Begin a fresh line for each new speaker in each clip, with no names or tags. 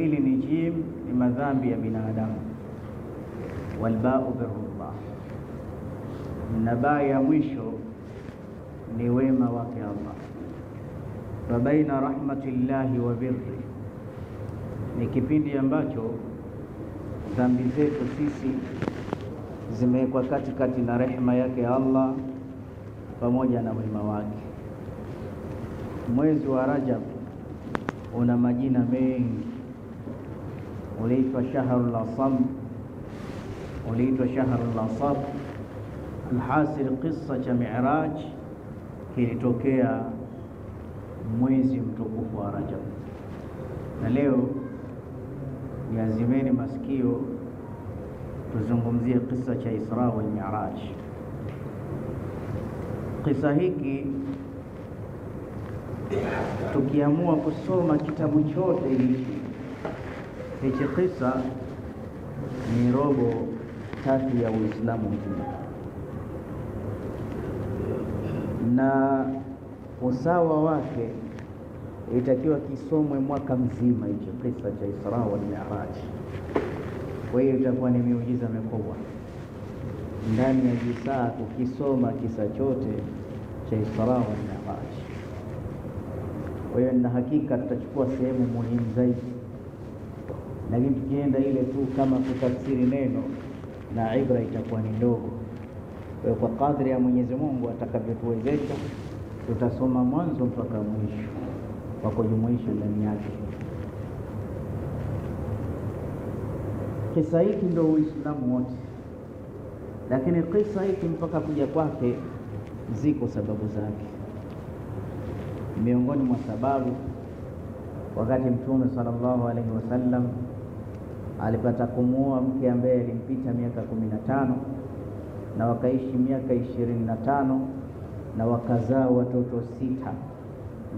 Hili ni jim ni madhambi ya binadamu, walbau birullah. Nabaa ya mwisho ni wema wake Allah. wa baina rahmatillahi wa birri, ni kipindi ambacho dhambi zetu sisi zimewekwa katikati na rehema yake Allah pamoja na wema wake. Mwezi wa Rajab una majina mengi uliitwa shahrul asam, uliitwa shahrul asam. Alhasil, kisa cha Miraj kilitokea mwezi mtukufu wa Rajab, na leo niazimeni masikio tuzungumzie kisa cha Isra wal Miraj. Kisa hiki tukiamua kusoma kitabu chote hiki Hichi kisa ni robo tatu ya Uislamu mzima, na usawa wake itakiwa kisomwe mwaka mzima, hicho kisa cha Isra wal Miraj. Kwa hiyo itakuwa ni miujiza mikubwa ndani ya jisaa kukisoma kisa chote cha Isra wal Miraj. Kwa hiyo na hakika tutachukua sehemu muhimu zaidi lakini tukienda ile tu kama kutafsiri neno na ibra itakuwa ni ndogo. Kwa kadri ya Mwenyezi Mungu atakavyotuwezesha, tutasoma mwanzo mpaka mwisho kwa kujumuisha ndani yake. Kisa hiki ndio Uislamu wote, lakini kisa hiki mpaka kuja kwake ziko sababu zake. Miongoni mwa sababu, wakati Mtume sallallahu alaihi wasallam alipata kumuoa mke ambaye alimpita miaka kumi na tano na wakaishi miaka ishirini na tano na wakazaa watoto sita.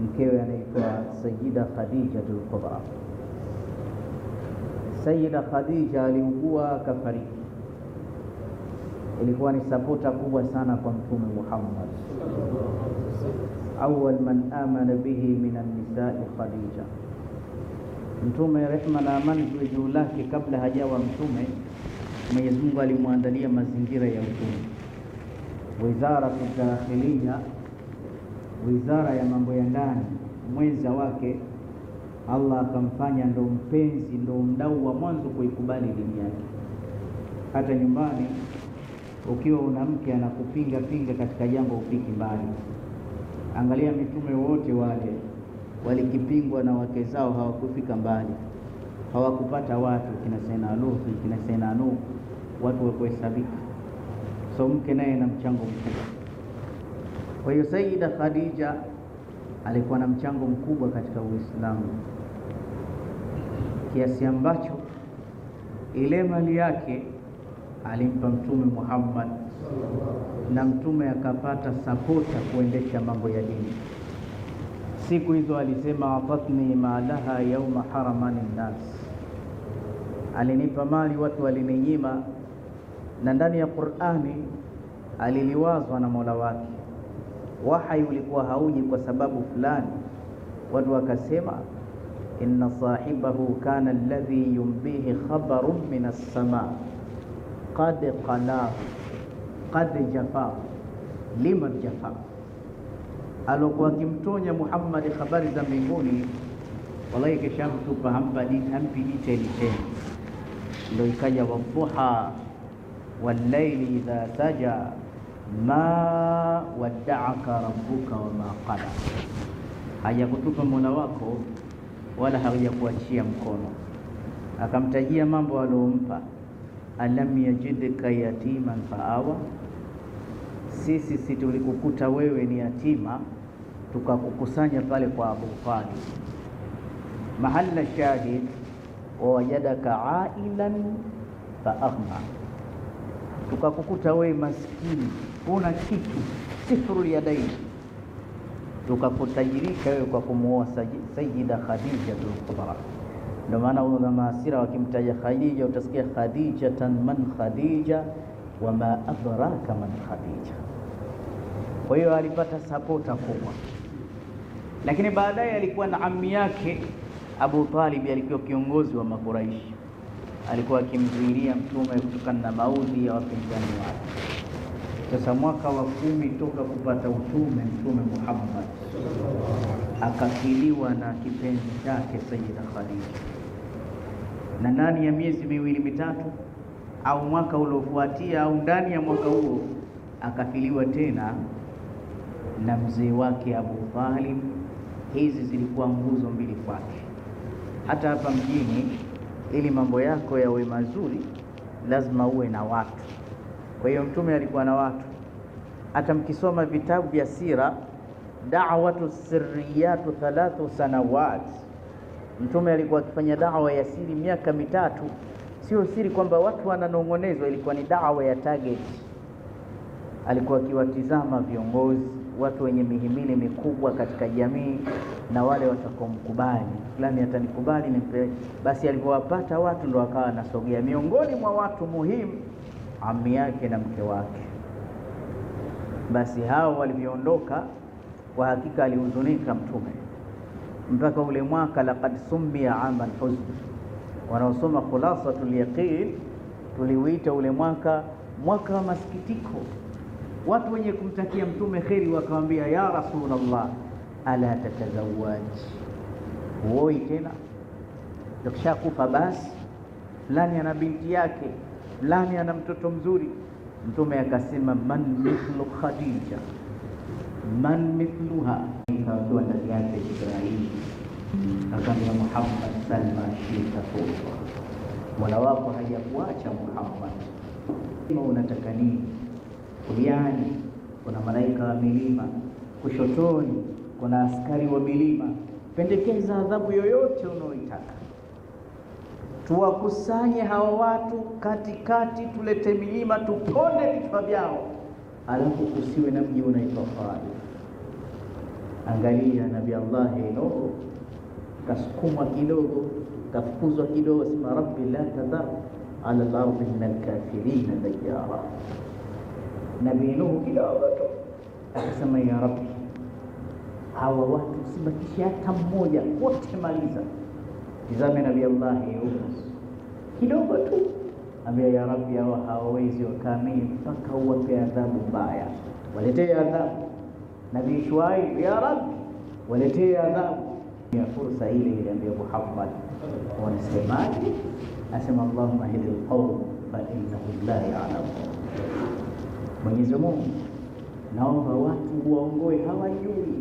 Mkewe anaitwa Sayyida Khadija Kubra. Sayyida Khadija aliugua akafariki. Ilikuwa ni sapota kubwa sana kwa Mtume Muhammad, awal man amana bihi min an-nisaa Khadija Mtume rehma na amani ziwe juu lake, kabla hajawa mtume, Mwenyezi Mungu alimwandalia mazingira ya utume. wizara Dakhilia, wizara ya mambo ya ndani, mwenza wake Allah akamfanya ndo mpenzi, ndo mdau wa mwanzo kuikubali dini yake. Hata nyumbani ukiwa una mke anakupinga pinga katika jambo, upiki mbali. Angalia mitume wote wale walikipingwa na wake zao, hawakufika mbali, hawakupata watu, kina Sayyidina Luthi, kina Sayyidina Nuh, watu wa kuhesabika. So mke naye na mchango mkubwa. Kwa hiyo Sayyida Khadija alikuwa na mchango mkubwa katika Uislamu kiasi ambacho ile mali yake alimpa Mtume Muhammad na Mtume akapata sapota kuendesha mambo ya dini siku hizo alisema atatni malaha yauma haramani nnas, alinipa mali watu walininyima. Na ndani ya Qur'ani aliliwazwa na Mola wake, wahai ulikuwa hauji kwa sababu fulani, watu wakasema inna sahibahu kana alladhi yumbihi khabaru min as-sama qad qalahu qad jafa liman jafahu alokuwa akimtonya Muhammad habari za mbinguni, wallahi kesha mtupa hampi detaili tena. Ndo ikaja wadduha wallaili idha saja ma waddaaka rabbuka wama qala, hajakutupa mola wako wala hajakuachia mkono. Akamtajia mambo aliompa, alam yajidka yatiman faawa, sisi si tulikukuta wewe ni yatima tukakukusanya pale kwa Abu Fadl Mahala shahid, wawajadaka ailan faahma, tukakukuta wewe maskini, huna kitu, ya daini, tukakutajirika wewe kwa kumuoa Sayyida Khadijatul Kubra. Ndio maana una maasira wakimtaja Khadija utasikia khadijatan man khadija wama adraka man khadija. Kwa hiyo alipata sapota kubwa lakini baadaye alikuwa na ammi yake Abu Talib, alikuwa kiongozi wa Makuraishi, alikuwa akimzuilia mtume kutokana na maudhi ya wapinzani wake. Sasa mwaka wa kumi toka kupata utume, Mtume Muhammad akakiliwa na kipenzi chake Sayyida Khadija, na ndani ya miezi miwili mitatu au mwaka uliofuatia au ndani ya mwaka huo akafiliwa tena na mzee wake Abu Talib Hizi zilikuwa nguzo mbili kwake. Hata hapa mjini, ili mambo yako yawe mazuri, lazima uwe na watu. Kwa hiyo Mtume alikuwa na watu. Hata mkisoma vitabu vya sira, da'watu sirriyatu thalathu sanawat, Mtume alikuwa akifanya dawa ya siri miaka mitatu. Sio siri kwamba watu wananong'onezwa, ilikuwa ni dawa ya target. Alikuwa akiwatizama viongozi watu wenye mihimili mikubwa katika jamii na wale watakomkubali fulani, atanikubali nimpe. Basi alivyowapata watu ndo wakawa anasogea. Miongoni mwa watu muhimu, ami yake na mke wake. Basi hao walivyoondoka, kwa hakika alihuzunika Mtume mpaka ule mwaka, laqad sumia amal huzn. Wanaosoma khulasatul yaqin tuliuita ule mwaka mwaka wa masikitiko watu wenye kumtakia mtume kheri wakamwambia, ya Rasulullah, ala tatazawaji, huoi tena? Tukishakufa basi, fulani ana binti yake, fulani ana mtoto mzuri. Mtume akasema, man mithlu Khadija, man mithluha, kawakiwa ndani yake Ibrahim akaambia Muhammad, salma shita fursa, mola wako hajakuacha Muhammad, unataka nini? Kuliani kuna malaika wa milima, kushotoni kuna askari wa milima. Pendekeza adhabu yoyote unaoitaka, tuwakusanye hawa watu katikati, tulete milima, tuponde vichwa vyao, alafu kusiwe na mji unaitwa Taif. Angalia Nabii Allah Nuhu kasukumwa kidogo, kafukuzwa kidogo, sema rabbi la tadhar ala lardi min alkafirina dayara نبي نوح إلى أبدا أحسن يا ربي هوا وقت سمك شيا تموجا وقت ماليزا إذا من نبي الله يوحس إلى أبدا أبي يا ربي هوا هوا ويزي وكامي فكا هو في عذاب بايا ولتي عذاب نبي شوي يا ربي ولتي عذاب يا فرصة إلي لأنبي أبو حفظ ونسلماتي أسم اللهم أهل القوم فإنه لا يعلم yeah Mwenyezi Mungu, naomba watu waongoe, hawajui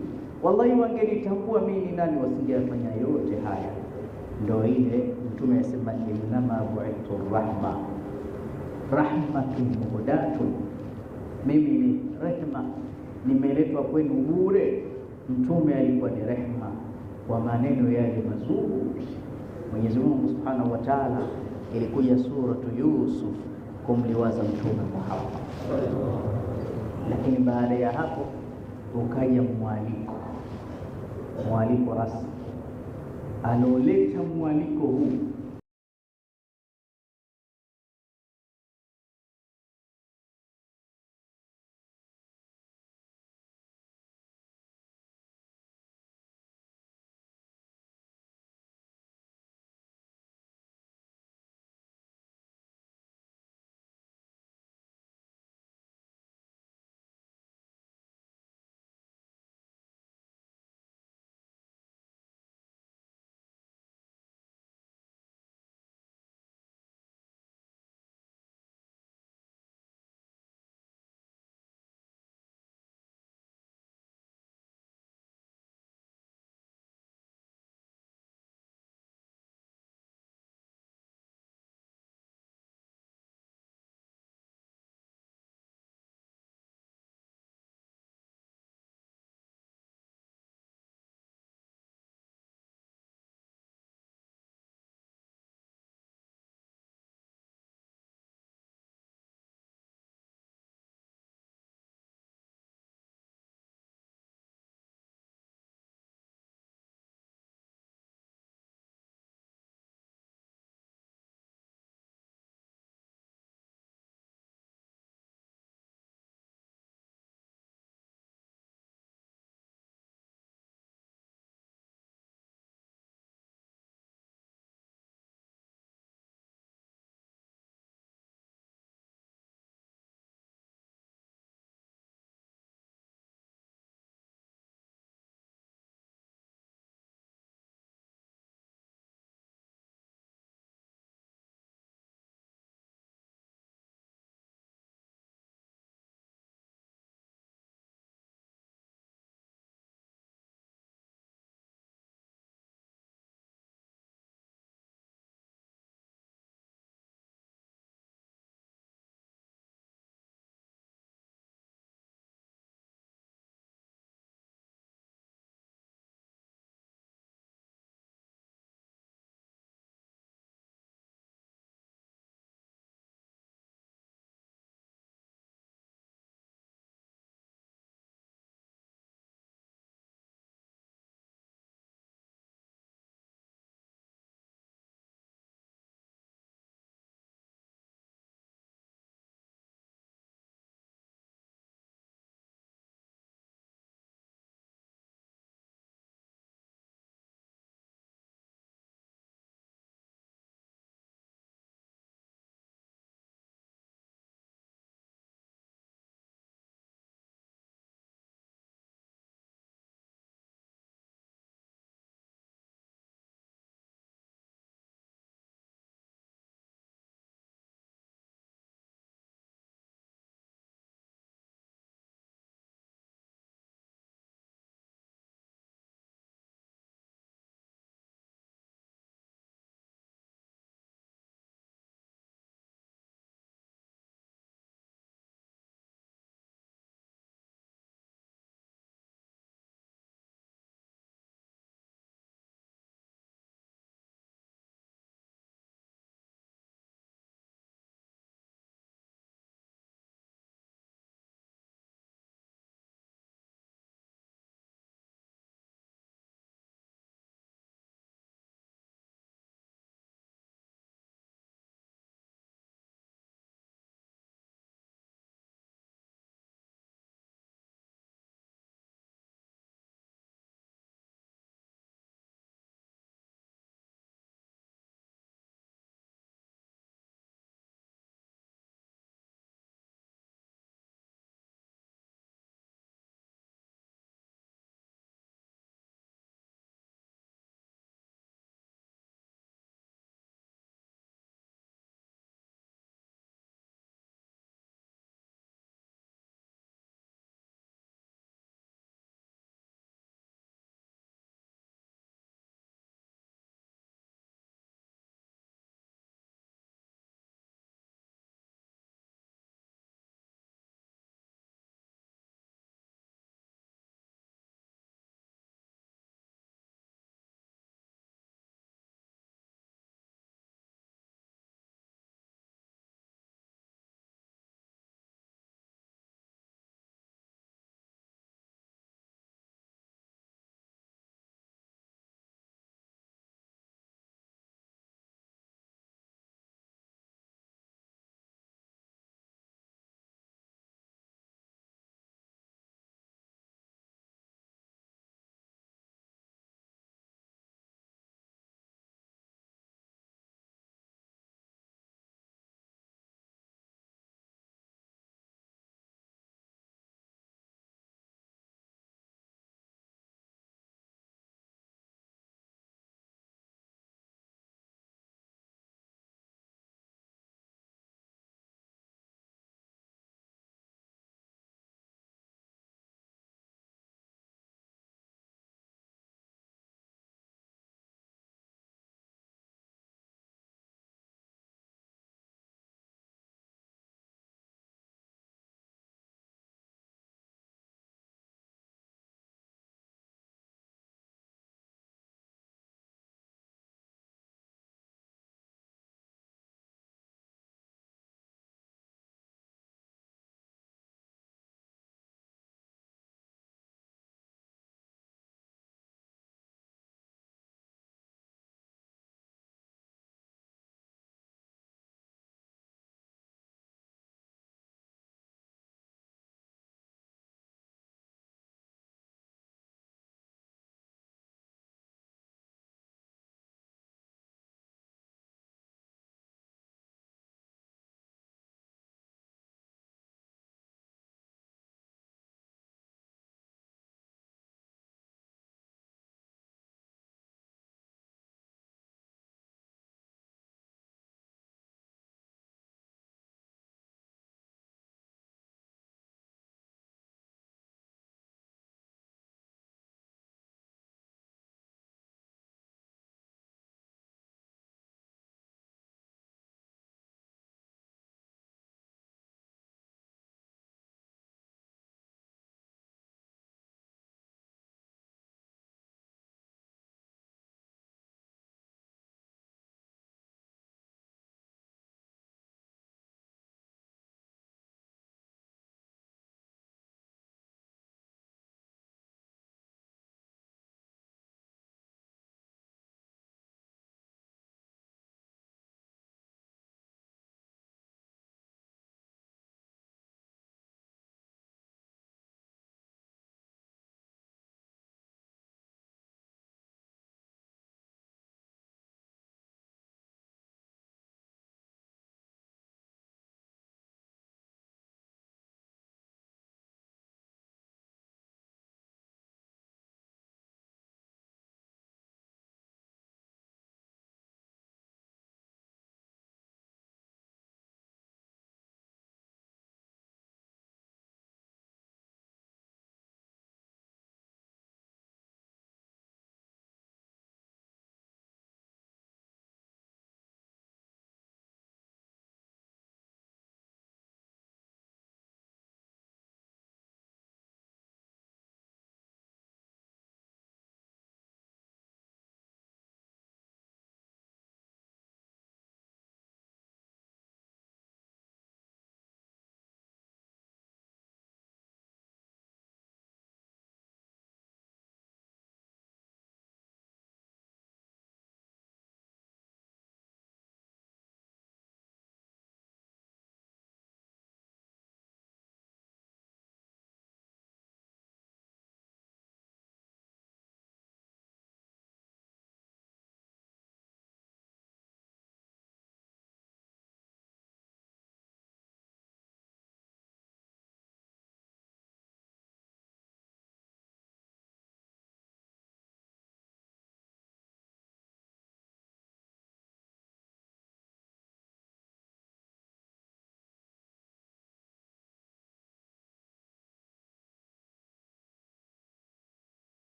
wallahi, wangenitambua mimi ni nani, wasingeyafanya yote haya. Ndo ile Mtume asema innama buitu rahma rahmatun muhdatun, mimi ni rehma, nimeletwa kwenu bure. Mtume alikuwa ni rehma kwa maneno yale mazuri. Mwenyezi Mungu Subhanahu wa Ta'ala, ilikuja suratu Yusuf kumliwaza Mtume Muhammad, lakini baada ya hapo ukaja mwaliko, mwaliko rasmi. Anaoleta mwaliko huu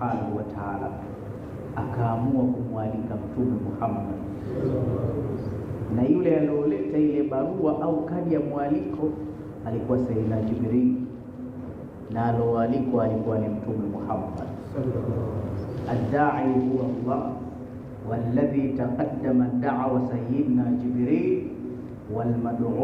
subhanahu wa taala akaamua kumwalika Mtume Muhammad, na yule alioleta ile barua au kadi ya mwaliko alikuwa Sayyidina Jibril, na alioalikwa alikuwa ni Mtume Muhammad. Addai huwa Allah walladhi taqaddama da'wa sayyidina Jibril wal